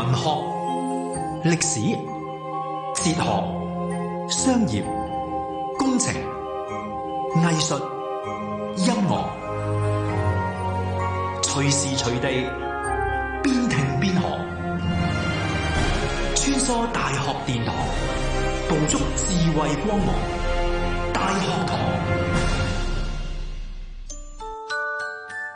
文學、歷史、哲學、商業、工程、藝術、音樂，隨時隨地，邊聽邊學，穿梭大學殿堂，捕捉智慧光芒。大學堂，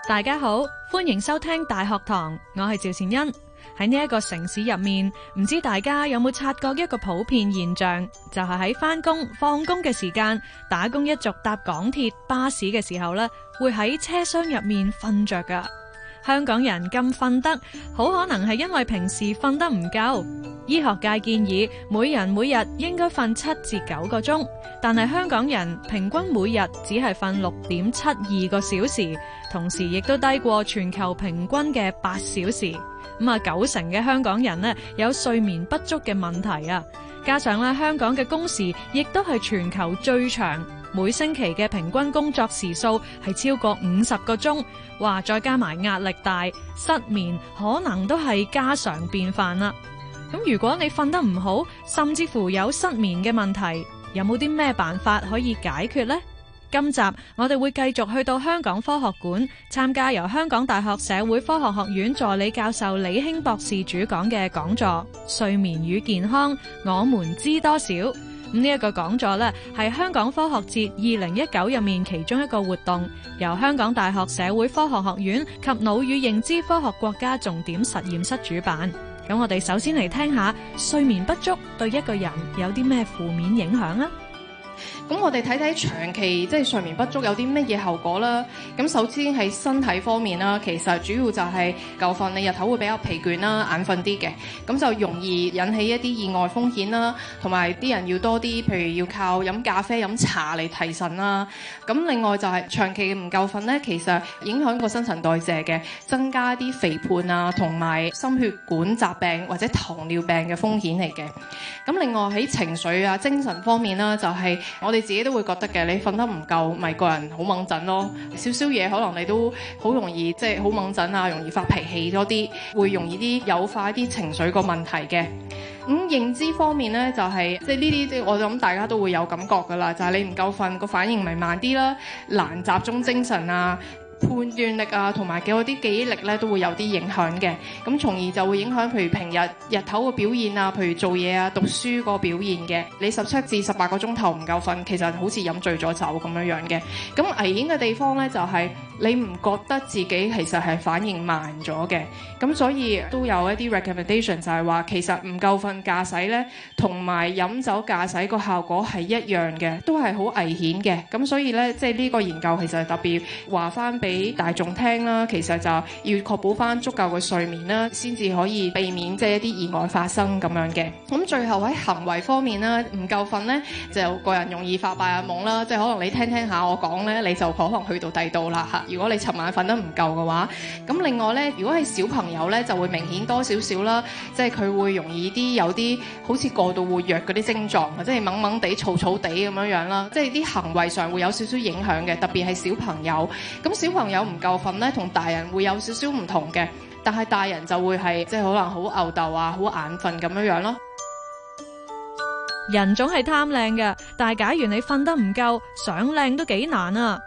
大家好，歡迎收聽大學堂，我係趙善恩。喺呢一個城市入面，唔知大家有冇察覺一個普遍現象，就係喺返工、放工嘅時間，打工一族搭港鐵、巴士嘅時候咧，會喺車廂入面瞓着噶。香港人咁瞓得好，可能係因為平時瞓得唔夠。醫學界建議每人每日應該瞓七至九個鐘，但係香港人平均每日只係瞓六點七二個小時，同時亦都低過全球平均嘅八小時。咁啊，九成嘅香港人呢，有睡眠不足嘅問題啊，加上咧香港嘅工時亦都係全球最長，每星期嘅平均工作時數係超過五十個鐘，話再加埋壓力大、失眠，可能都係家常便飯啦、啊。咁如果你瞓得唔好，甚至乎有失眠嘅問題，有冇啲咩辦法可以解決呢？今集我哋會繼續去到香港科學館參加由香港大學社會科學學院助理教授李興博士主講嘅講座《睡眠與健康，我們知多少》。咁呢一個講座咧係香港科學節二零一九入面其中一個活動，由香港大學社會科學學院及腦與認知科學國家重點實驗室主辦。咁我哋首先嚟聽下睡眠不足對一個人有啲咩負面影響啊？咁我哋睇睇長期即係睡眠不足有啲乜嘢後果啦。咁首先喺身體方面啦，其實主要就係夠瞓，你日頭會比較疲倦啦、眼瞓啲嘅，咁就容易引起一啲意外風險啦。同埋啲人要多啲，譬如要靠飲咖啡、飲茶嚟提神啦。咁另外就係、是、長期嘅唔夠瞓咧，其實影響個新陳代謝嘅，增加啲肥胖啊，同埋心血管疾病或者糖尿病嘅風險嚟嘅。咁另外喺情緒啊、精神方面啦，就係、是。我哋自己都會覺得嘅，你瞓得唔夠咪個人好猛震咯，少少嘢可能你都好容易即係好猛震啊，容易發脾氣多啲，會容易啲誘發啲情緒個問題嘅。咁認知方面呢，就係、是、即係呢啲，我諗大家都會有感覺噶啦，就係、是、你唔夠瞓個反應咪慢啲啦，難集中精神啊。判斷力啊，同埋嘅啲記憶力咧都會有啲影響嘅，咁從而就會影響譬如平日日頭嘅表現啊，譬如做嘢啊、讀書個表現嘅。你十七至十八個鐘頭唔夠瞓，其實好似飲醉咗酒咁樣樣嘅。咁危險嘅地方咧就係、是。你唔覺得自己其實係反應慢咗嘅？咁所以都有一啲 recommendation 就係話，其實唔夠瞓駕駛呢，同埋飲酒駕駛個效果係一樣嘅，都係好危險嘅。咁所以咧，即係呢個研究其實特別話翻俾大眾聽啦，其實就要確保翻足夠嘅睡眠啦，先至可以避免即係一啲意外發生咁樣嘅。咁最後喺行為方面咧，唔夠瞓呢，就個人容易發白日夢啦。即係可能你聽聽下我講咧，你就可能去到第度啦。如果你尋晚瞓得唔夠嘅話，咁另外咧，如果係小朋友咧，就會明顯多少少啦，即係佢會容易啲有啲好似過度活躍嗰啲症狀嘅，即係懵懵地、嘈嘈地咁樣樣啦，即係啲行為上會有少少影響嘅，特別係小朋友。咁小朋友唔夠瞓咧，同大人會有少少唔同嘅，但係大人就會係即係可能好吽哣啊，好眼瞓咁樣樣咯。人總係貪靚嘅，但係假如你瞓得唔夠，想靚都幾難啊！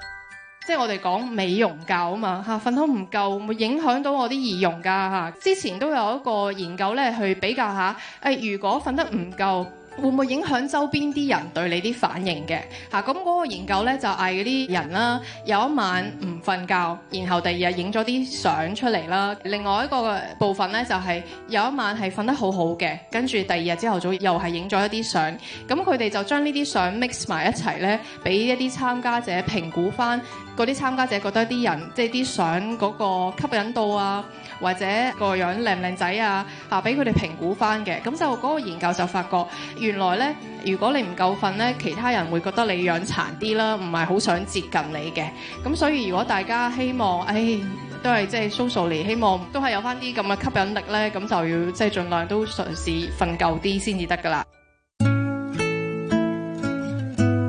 即係我哋講美容覺啊嘛嚇，瞓得唔夠會，會影響到我啲儀容噶嚇。之前都有一個研究咧，去比較下，誒如果瞓得唔夠會唔會影響周邊啲人對你啲反應嘅嚇。咁、那、嗰個研究咧就嗌嗰啲人啦，有一晚唔瞓覺，然後第二日影咗啲相出嚟啦。另外一個部分咧就係、是、有一晚係瞓得好好嘅，跟住第二日朝頭早又係影咗一啲相。咁佢哋就將呢啲相 mix 埋一齊咧，俾一啲參加者評估返。嗰啲參加者覺得啲人即係啲相嗰個吸引度啊，或者個樣靚唔靚仔啊，嚇俾佢哋評估翻嘅。咁就嗰個研究就發覺，原來咧，如果你唔夠瞓咧，其他人會覺得你樣殘啲啦，唔係好想接近你嘅。咁所以如果大家希望，唉、哎，都係即係 social 嚟，希望都係有翻啲咁嘅吸引力咧，咁就要即係盡量都嘗試瞓夠啲先至得㗎啦。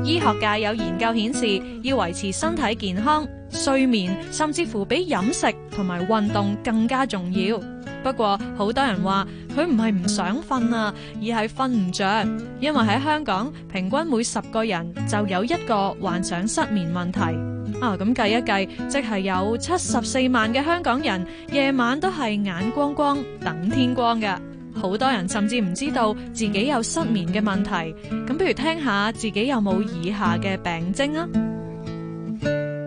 醫學界有研究顯示，要維持身體健康、睡眠，甚至乎比飲食同埋運動更加重要。不過，好多人話佢唔係唔想瞓啊，而係瞓唔着。因為喺香港，平均每十個人就有一個患上失眠問題啊。咁計一計，即係有七十四萬嘅香港人，夜晚都係眼光光等天光嘅。好多人甚至唔知道自己有失眠嘅問題，咁不如聽下自己有冇以下嘅病徵啊？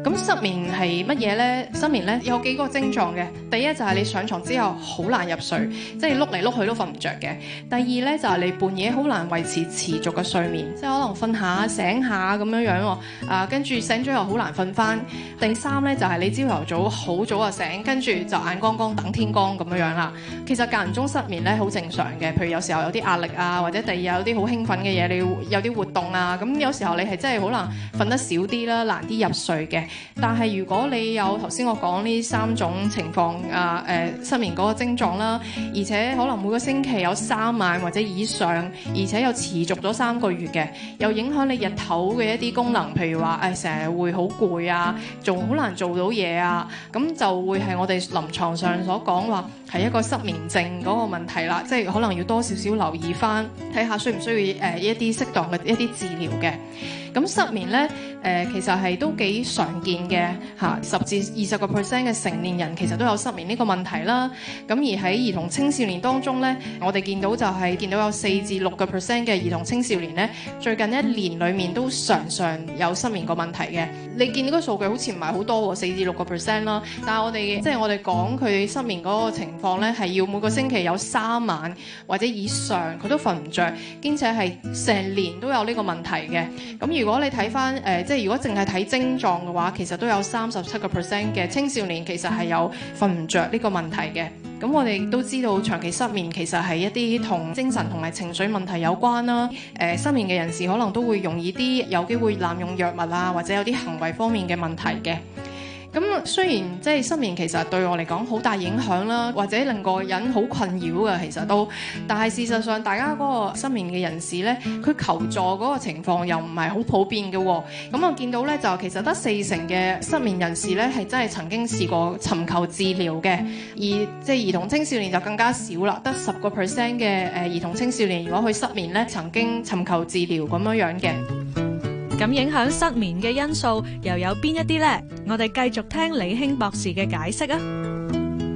咁失眠係乜嘢呢？失眠呢有幾個症狀嘅。第一就係你上床之後好難入睡，即係碌嚟碌去都瞓唔著嘅。第二呢就係你半夜好難維持持續嘅睡眠，即可能瞓下醒下咁樣樣喎。啊，跟住醒咗又好難瞓返。第三呢，就係你朝頭早好早就醒，跟住就眼光光等天光咁樣樣啦。其實間中失眠呢，好正常嘅，譬如有時候有啲壓力啊，或者第二有啲好興奮嘅嘢，你有啲活動啊，咁有時候你係真係可能瞓得少啲啦，難啲入睡嘅。但係如果你有頭先我講呢三種情況啊，誒、呃、失眠嗰個症狀啦，而且可能每個星期有三晚或者以上，而且又持續咗三個月嘅，又影響你日頭嘅一啲功能，譬如話誒成日會好攰啊，仲好難做到嘢啊，咁就會係我哋臨床上所講話係一個失眠症嗰個問題啦，即係可能要多少少留意返，睇下需唔需要誒、呃、一啲適當嘅一啲治療嘅。咁失眠咧，誒、呃、其實係都幾常見嘅嚇，十至二十個 percent 嘅成年人其實都有失眠呢個問題啦。咁、啊、而喺兒童青少年當中咧，我哋見到就係、是、見到有四至六個 percent 嘅兒童青少年咧，最近一年裡面都常常有失眠個問題嘅。你見到個數據好似唔係好多喎，四至六個 percent 啦。但係我哋即係我哋講佢失眠嗰個情況咧，係要每個星期有三晚或者以上佢都瞓唔着，兼且係成年都有呢個問題嘅。咁、啊如果你睇翻誒，即係如果淨係睇症狀嘅話，其實都有三十七個 percent 嘅青少年其實係有瞓唔着呢個問題嘅。咁我哋都知道長期失眠其實係一啲同精神同埋情緒問題有關啦。誒、呃，失眠嘅人士可能都會容易啲有機會濫用藥物啊，或者有啲行為方面嘅問題嘅。咁雖然即係失眠其實對我嚟講好大影響啦，或者令個人好困擾嘅，其實都。但係事實上，大家嗰個失眠嘅人士咧，佢求助嗰個情況又唔係好普遍嘅喎。咁我見到咧，就其實得四成嘅失眠人士咧，係真係曾經試過尋求治療嘅。而即係、就是、兒童青少年就更加少啦，得十個 percent 嘅誒兒童青少年如果佢失眠咧，曾經尋求治療咁樣樣嘅。咁影響失眠嘅因素又有邊一啲呢？我哋繼續聽李興博士嘅解釋啊。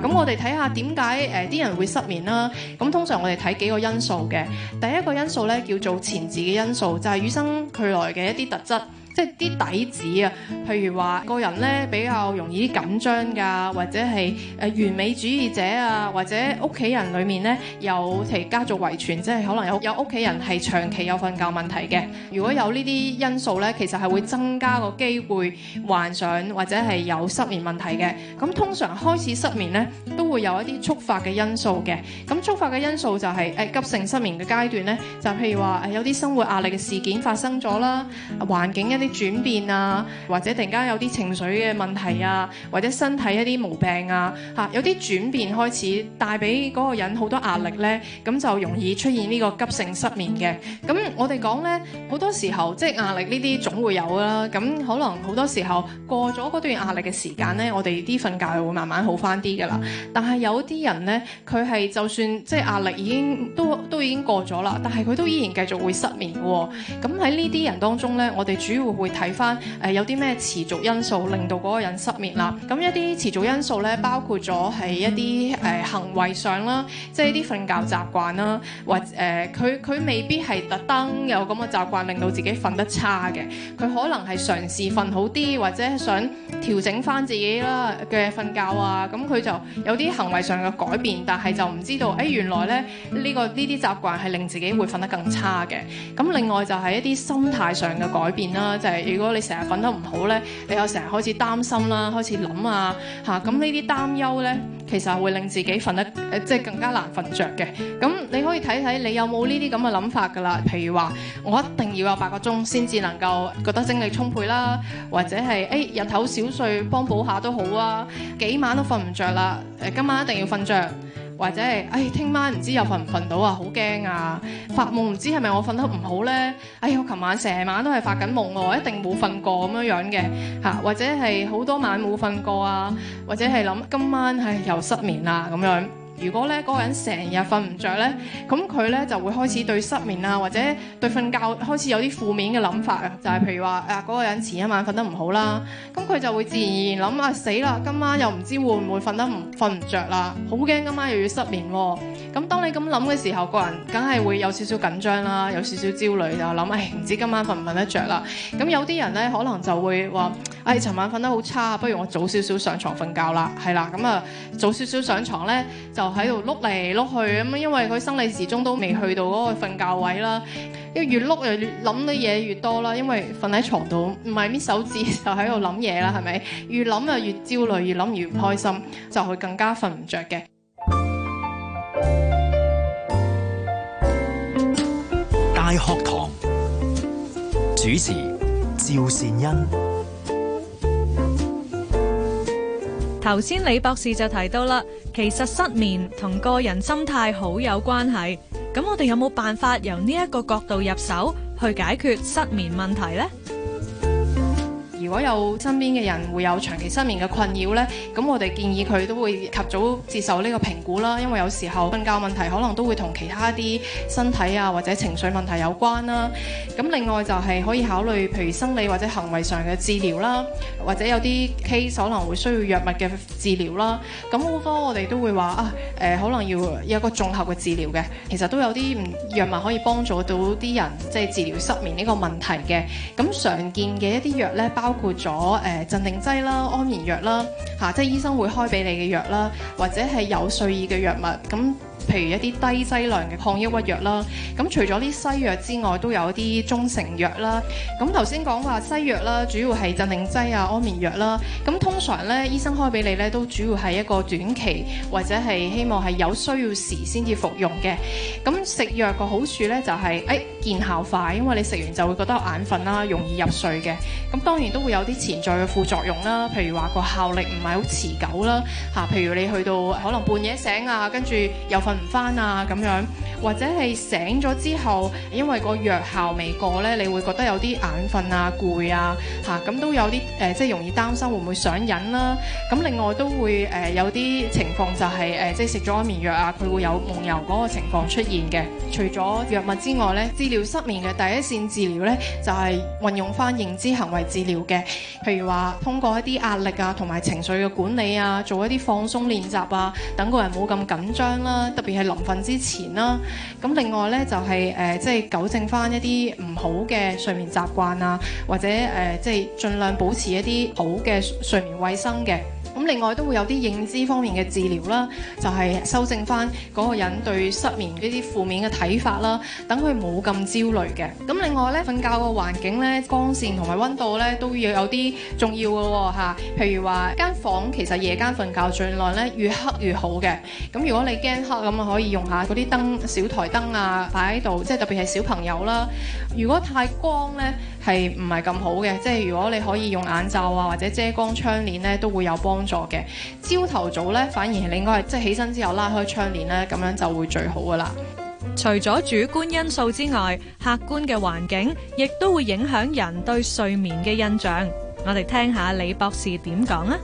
咁我哋睇下點解誒啲人會失眠啦。咁通常我哋睇幾個因素嘅，第一個因素呢叫做前置嘅因素，就係、是、與生俱來嘅一啲特質。即係啲底子啊，譬如話個人咧比較容易緊張㗎，或者係誒完美主義者啊，或者屋企人裡面咧有其家族遺傳，即係可能有有屋企人係長期有瞓覺問題嘅。如果有呢啲因素咧，其實係會增加個機會患上或者係有失眠問題嘅。咁通常開始失眠咧，都會有一啲觸發嘅因素嘅。咁觸發嘅因素就係、是、誒、呃、急性失眠嘅階段咧，就是、譬如話誒有啲生活壓力嘅事件發生咗啦，環境一轉變啊，或者突然間有啲情緒嘅問題啊，或者身體一啲毛病啊，吓有啲轉變開始帶俾嗰個人好多壓力咧，咁就容易出現呢個急性失眠嘅。咁我哋講咧，好多時候即係壓力呢啲總會有啦。咁可能好多時候過咗嗰段壓力嘅時間咧，我哋啲瞓覺會慢慢好翻啲噶啦。但係有啲人咧，佢係就算即係壓力已經都都已經過咗啦，但係佢都依然繼續會失眠嘅。咁喺呢啲人當中咧，我哋主要會睇翻誒有啲咩持續因素令到嗰個人失眠啦。咁、嗯、一啲持續因素咧，包括咗係一啲誒、呃、行為上啦，即係啲瞓覺習慣啦，或誒佢佢未必係特登有咁嘅習慣令到自己瞓得差嘅。佢可能係嘗試瞓好啲，或者想調整翻自己啦嘅瞓覺啊。咁、嗯、佢就有啲行為上嘅改變，但係就唔知道誒、哎、原來咧呢、這個呢啲習慣係令自己會瞓得更差嘅。咁、嗯、另外就係一啲心態上嘅改變啦。如果你成日瞓得唔好咧，你又成日開始擔心啦，開始諗啊，吓咁呢啲擔憂咧，其實會令自己瞓得、呃、即係更加難瞓着嘅。咁你可以睇睇你有冇呢啲咁嘅諗法㗎喇。譬如話，我一定要有八個鐘先至能夠覺得精力充沛啦，或者係誒、哎、日頭小睡幫補下都好啊，幾晚都瞓唔着啦，誒、呃、今晚一定要瞓着。或者係，哎，聽晚唔知又瞓唔瞓到啊，好驚啊！發夢唔知係咪我瞓得唔好呢？哎呀，我琴晚成晚都係發緊夢喎，一定冇瞓過咁樣樣嘅嚇。或者係好多晚冇瞓過啊，或者係諗今晚，唉、哎，又失眠啦咁樣。如果咧嗰個人成日瞓唔着呢，咁佢咧就會開始對失眠啊，或者對瞓覺開始有啲負面嘅諗法啊，就係譬如話誒嗰個人前一晚瞓得唔好啦，咁佢就會自然而然諗啊死啦，今晚又唔知會唔會瞓得唔瞓唔着啦，好驚今晚又要失眠喎。咁當你咁諗嘅時候，個人梗係會有少少緊張啦，有少少焦慮就諗，誒唔、哎、知今晚瞓唔瞓得着啦。咁有啲人咧，可能就會話，唉、哎，尋晚瞓得好差，不如我早少少上床瞓覺啦，係啦，咁、嗯、啊早少少上床咧，就喺度碌嚟碌去咁、嗯、因為佢生理時鐘都未去到嗰個瞓覺位啦。因為越碌又越諗啲嘢越多啦，因為瞓喺床度唔係搣手指就喺度諗嘢啦，係咪？越諗啊越焦慮，越諗越唔開心，就會更加瞓唔着嘅。課堂主持趙善恩，頭先李博士就提到啦，其實失眠同個人心態好有關係。咁我哋有冇辦法由呢一個角度入手去解決失眠問題呢？如果有身邊嘅人會有長期失眠嘅困擾呢，咁我哋建議佢都會及早接受呢個評估啦。因為有時候瞓覺問題可能都會同其他啲身體啊或者情緒問題有關啦。咁另外就係可以考慮，譬如生理或者行為上嘅治療啦，或者有啲 case 可能會需要藥物嘅治療啦。咁好多我哋都會話啊，誒、呃、可能要有一個綜合嘅治療嘅。其實都有啲藥物可以幫助到啲人即係治療失眠呢個問題嘅。咁常見嘅一啲藥呢，包包括咗誒、呃、鎮定劑啦、安眠藥啦，嚇、啊，即係醫生會開俾你嘅藥啦，或者係有睡意嘅藥物咁。譬如一啲低劑量嘅抗抑鬱藥啦，咁除咗啲西藥之外，都有一啲中成藥啦。咁頭先講話西藥啦，主要係鎮定劑啊、安眠藥啦。咁通常咧，醫生開俾你咧，都主要係一個短期或者係希望係有需要時先至服用嘅。咁食藥個好處咧就係誒見效快，因為你食完就會覺得眼瞓啦，容易入睡嘅。咁當然都會有啲潛在嘅副作用啦，譬如話個效力唔係好持久啦，吓，譬如你去到可能半夜醒啊，跟住又瞓。唔翻啊咁樣。 或者係醒咗之後，因為個藥效未過呢，你會覺得有啲眼瞓啊、攰啊，嚇咁都有啲誒，即係容易擔心會唔會上癮啦。咁、啊、另外都會、呃就是呃就是、會有啲情況就係誒即係食咗安眠藥啊，佢會有夢遊嗰個情況出現嘅。除咗藥物之外呢，治療失眠嘅第一線治療呢，就係、是、運用返認知行為治療嘅，譬如話通過一啲壓力啊同埋情緒嘅管理啊，做一啲放鬆練習啊，等個人冇咁緊張啦，特別係臨瞓之前啦、啊。咁另外呢，就係誒，即係糾正返一啲唔好嘅睡眠習慣啊，或者誒，即係盡量保持一啲好嘅睡眠衞生嘅。咁另外都會有啲認知方面嘅治療啦，就係修正翻嗰個人對失眠呢啲負面嘅睇法啦，等佢冇咁焦慮嘅。咁另外咧，瞓覺個環境咧，光線同埋溫度咧都要有啲重要嘅喎嚇。譬如話間房其實夜間瞓覺盡量咧越黑越好嘅。咁如果你驚黑咁啊，可以用下嗰啲燈小台燈啊擺喺度，即係特別係小朋友啦。如果太光咧。係唔係咁好嘅？即係如果你可以用眼罩啊，或者遮光窗簾呢，都會有幫助嘅。朝頭早呢，反而係你應該係即係起身之後拉開窗簾呢，咁樣就會最好㗎喇。除咗主觀因素之外，客觀嘅環境亦都會影響人對睡眠嘅印象。我哋聽下李博士點講啊。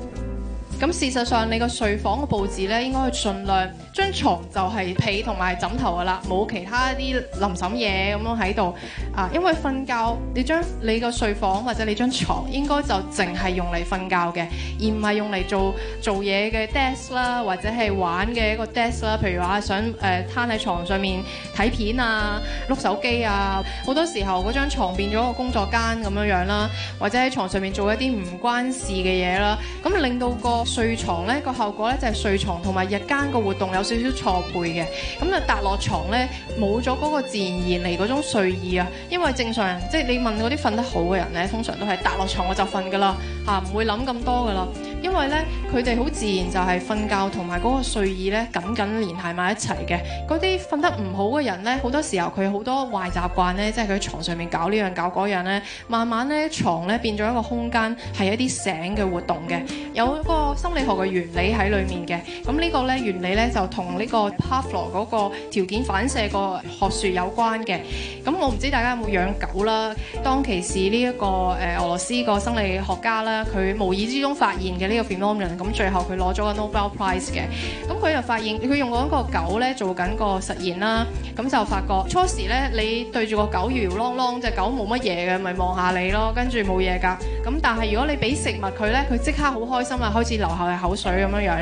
咁事實上，你個睡房嘅佈置呢，應該去盡量。張床就係被同埋枕頭嘅啦，冇其他啲臨枕嘢咁樣喺度啊！因為瞓覺，你將你個睡房或者你張床應該就淨係用嚟瞓覺嘅，而唔係用嚟做做嘢嘅 desk 啦，或者係玩嘅一個 desk 啦。譬如話想誒攤喺床上面睇片啊、碌手機啊，好多時候嗰張牀變咗個工作間咁樣樣啦，或者喺床上面做一啲唔關事嘅嘢啦，咁、嗯、令到個睡床咧個效果咧就係、是、睡床同埋日間個活動有。少少錯配嘅，咁啊，搭落牀咧冇咗嗰個自然而嚟嗰種睡意啊，因為正常人，即係你問嗰啲瞓得好嘅人咧，通常都係搭落牀我就瞓㗎喇，嚇、啊、唔會諗咁多㗎喇。因為咧，佢哋好自然就係瞓覺同埋嗰個睡意咧緊緊連係埋一齊嘅。嗰啲瞓得唔好嘅人咧，好多時候佢好多壞習慣咧，即係佢床上面搞呢樣搞嗰樣咧，慢慢咧床咧變咗一個空間係一啲醒嘅活動嘅，有一個心理學嘅原理喺裡面嘅。咁呢個咧原理咧就同呢個 Pavlov 嗰個條件反射個學説有關嘅。咁我唔知大家有冇養狗啦？當其時呢一個誒、呃、俄羅斯個生理學家啦，佢無意之中發現嘅。呢個 phenomenon，咁最後佢攞咗個 Nobel Prize 嘅，咁佢就發現佢用嗰個狗咧做緊個實驗啦，咁就發覺初時咧你對住個狗搖啷啷，隻狗冇乜嘢嘅，咪望下你咯，跟住冇嘢㗎。咁但係如果你俾食物佢咧，佢即刻好開心啊，開始流下嘅口水咁樣樣。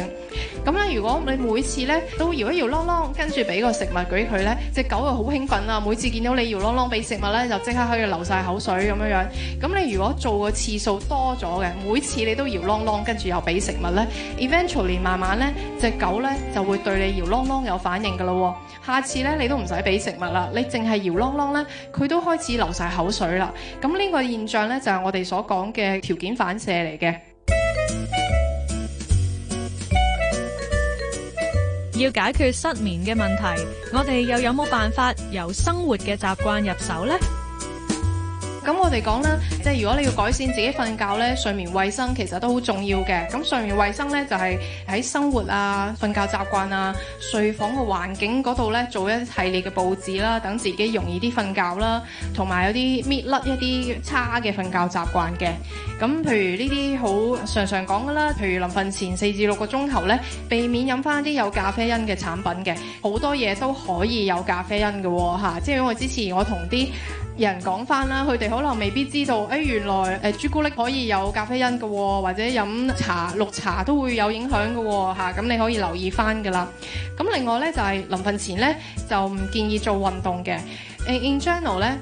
咁、嗯、咧，如果你每次咧都搖一搖啷啷，跟住俾個食物俾佢咧，隻狗就好興奮啊！每次見到你搖啷啷俾食物咧，就即刻可以流晒口水咁樣樣。咁、嗯、你如果你做個次數多咗嘅，每次你都搖啷啷，跟住又俾食物咧 ，eventually 慢慢咧，隻狗咧就會對你搖啷啷有反應㗎啦。下次咧你都唔使俾食物啦，你淨係搖啷啷咧，佢都開始流晒口水啦。咁呢個現象咧就係、是、我哋所講嘅條件反射嚟嘅，要解決失眠嘅問題，我哋又有冇辦法由生活嘅習慣入手呢？咁我哋講啦，即係如果你要改善自己瞓覺呢，睡眠衛生其實都好重要嘅。咁睡眠衛生呢，就係喺生活啊、瞓覺習慣啊、睡房嘅環境嗰度呢，做一系列嘅佈置啦，等自己容易啲瞓覺啦，同埋有啲搣甩一啲差嘅瞓覺習慣嘅。咁譬如呢啲好常常講嘅啦，譬如臨瞓前四至六個鐘頭呢，避免飲翻啲有咖啡因嘅產品嘅，好多嘢都可以有咖啡因嘅喎嚇。即係因為之前我同啲人講翻啦，佢哋好，可能未必知道，哎，原來誒朱古力可以有咖啡因嘅喎、哦，或者飲茶、綠茶都會有影響嘅喎，咁、啊、你可以留意返㗎喇。咁、啊、另外咧就係、是、臨瞓前咧就唔建議做運動嘅。誒 in general 咧。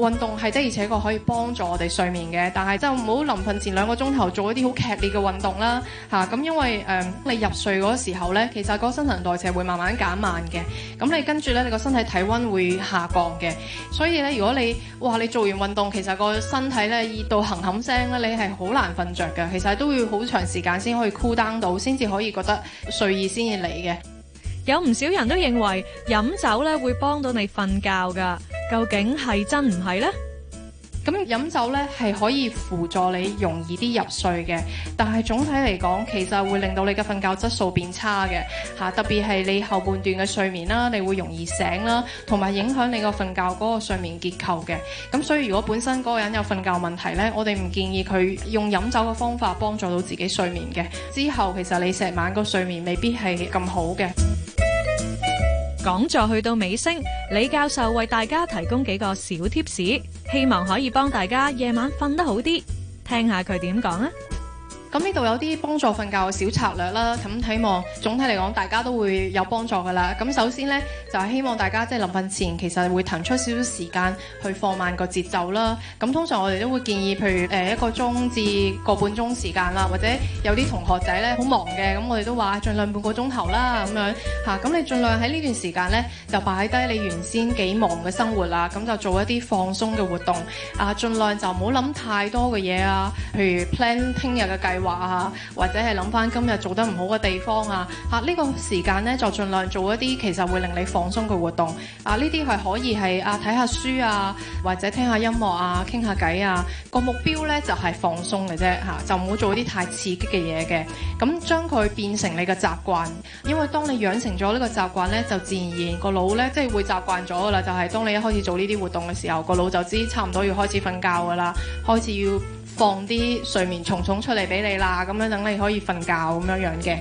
運動係的而且確可以幫助我哋睡眠嘅，但係就唔好臨瞓前兩個鐘頭做一啲好劇烈嘅運動啦，嚇、啊、咁因為誒、呃、你入睡嗰時候呢，其實個新陳代謝會慢慢減慢嘅，咁你跟住呢，你個身體體温會下降嘅，所以呢，如果你哇、呃、你做完運動，其實個身體呢熱到冚冚聲咧，你係好難瞓着嘅，其實都要好長時間先可以 cool down 到，先至可以覺得睡意先至嚟嘅。有唔少人都認為飲酒呢會幫到你瞓覺㗎。究竟係真唔係呢？咁飲酒呢，係可以輔助你容易啲入睡嘅，但係總體嚟講，其實會令到你嘅瞓覺質素變差嘅，吓，特別係你後半段嘅睡眠啦，你會容易醒啦，同埋影響你個瞓覺嗰個睡眠結構嘅。咁所以如果本身嗰個人有瞓覺問題呢，我哋唔建議佢用飲酒嘅方法幫助到自己睡眠嘅。之後其實你成晚個睡眠未必係咁好嘅。講座去到尾聲，李教授為大家提供幾個小貼士，希望可以幫大家夜晚瞓得好啲。聽下佢點講啊！咁呢度有啲幫助瞓覺嘅小策略啦，咁希望總體嚟講，大家都會有幫助噶啦。咁首先咧，就係希望大家即係臨瞓前，其實會騰出少少時間去放慢個節奏啦。咁通常我哋都會建議，譬如誒一個鐘至個半鐘時間啦，或者有啲同學仔咧好忙嘅，咁我哋都話盡量半個鐘頭啦，咁樣嚇。咁、啊、你盡量喺呢段時間咧，就擺低你原先幾忙嘅生活啦，咁就做一啲放鬆嘅活動。啊，儘量就唔好諗太多嘅嘢啊，譬如 plan 聽日嘅計劃。話或者係諗翻今日做得唔好嘅地方啊，吓、這、呢個時間呢就盡量做一啲其實會令你放鬆嘅活動啊，呢啲係可以係啊睇下書啊，或者聽下音樂啊，傾下偈啊。個目標呢就係、是、放鬆嘅啫，吓、啊、就唔好做啲太刺激嘅嘢嘅。咁、啊、將佢變成你嘅習慣，因為當你養成咗呢個習慣呢，就自然而然個腦呢，即係會習慣咗噶啦。就係、是、當你一開始做呢啲活動嘅時候，個腦就知差唔多要開始瞓覺噶啦，開始要。放啲睡眠蟲蟲出嚟俾你啦，咁樣等你可以瞓覺，咁樣樣嘅。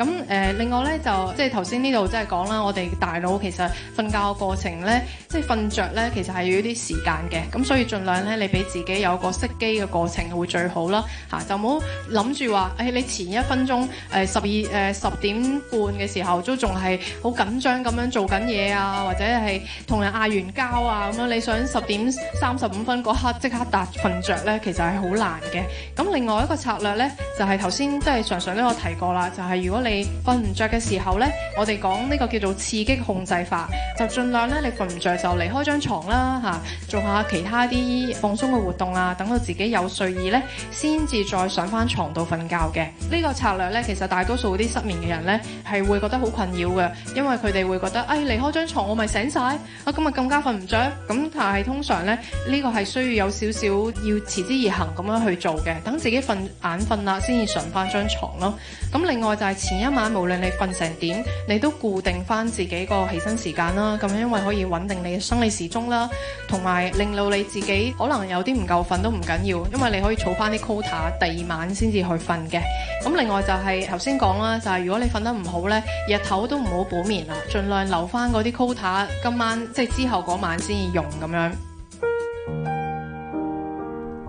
咁誒，另外咧就即係頭先呢度即係講啦，我哋大腦其實瞓覺嘅過程咧，即係瞓著咧，其實係要啲時間嘅，咁所以盡量咧，你俾自己有個熄機嘅過程會最好啦，嚇就唔好諗住話，誒你前一分鐘誒十二誒十點半嘅時候都仲係好緊張咁樣做緊嘢啊，或者係同人嗌完交啊咁樣，你想十點三十五分嗰刻即刻達瞓著咧，其實係好難嘅。咁另外一個策略咧，就係頭先即係常常都有提過啦，就係如果你瞓唔着嘅時候呢，我哋講呢個叫做刺激控制法，就盡量呢，你瞓唔着就離開張床啦，吓，做下其他啲放鬆嘅活動啊，等到自己有睡意呢，先至再上翻床度瞓覺嘅。呢、呢個策略呢，其實大多數啲失眠嘅人呢，係會覺得好困擾嘅，因為佢哋會覺得，誒、哎，離開張床我咪醒晒，啊，咁咪更加瞓唔着。」咁但係通常呢，呢、呢個係需要有少少要持之以恆咁樣去做嘅，等自己瞓眼瞓啦，先至上翻張床咯。咁另外就係一晚，無論你瞓成點，你都固定翻自己個起身時間啦。咁樣因為可以穩定你嘅生理時鐘啦，同埋令到你自己可能有啲唔夠瞓都唔緊要，因為你可以儲翻啲 quota，第二晚先至去瞓嘅。咁另外就係頭先講啦，就係如果你瞓得唔好呢，日頭都唔好補眠啦，盡量留翻嗰啲 quota，今晚即係之後嗰晚先用咁樣。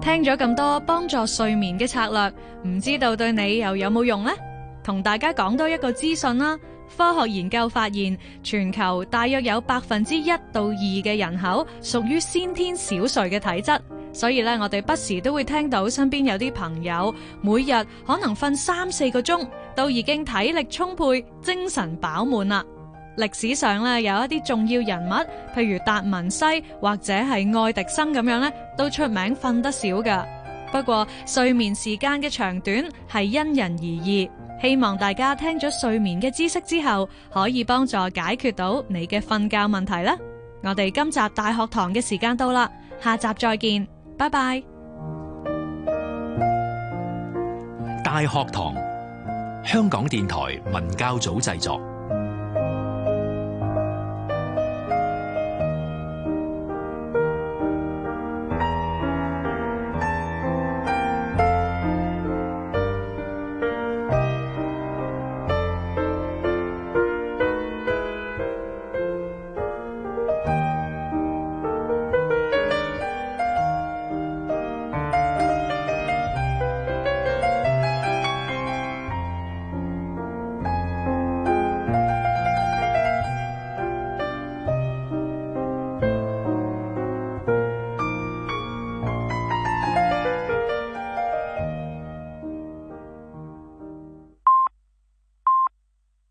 聽咗咁多幫助睡眠嘅策略，唔知道對你又有冇用呢？同大家講多一個資訊啦，科學研究發現，全球大約有百分之一到二嘅人口屬於先天少睡嘅體質，所以咧，我哋不時都會聽到身邊有啲朋友每日可能瞓三四個鐘，都已經體力充沛、精神飽滿啦。歷史上咧，有一啲重要人物，譬如達文西或者係愛迪生咁樣咧，都出名瞓得少噶。不過睡眠時間嘅長短係因人而異，希望大家聽咗睡眠嘅知識之後，可以幫助解決到你嘅瞓覺問題啦。我哋今集大學堂嘅時間到啦，下集再見，拜拜。大學堂，香港電台文教組製作。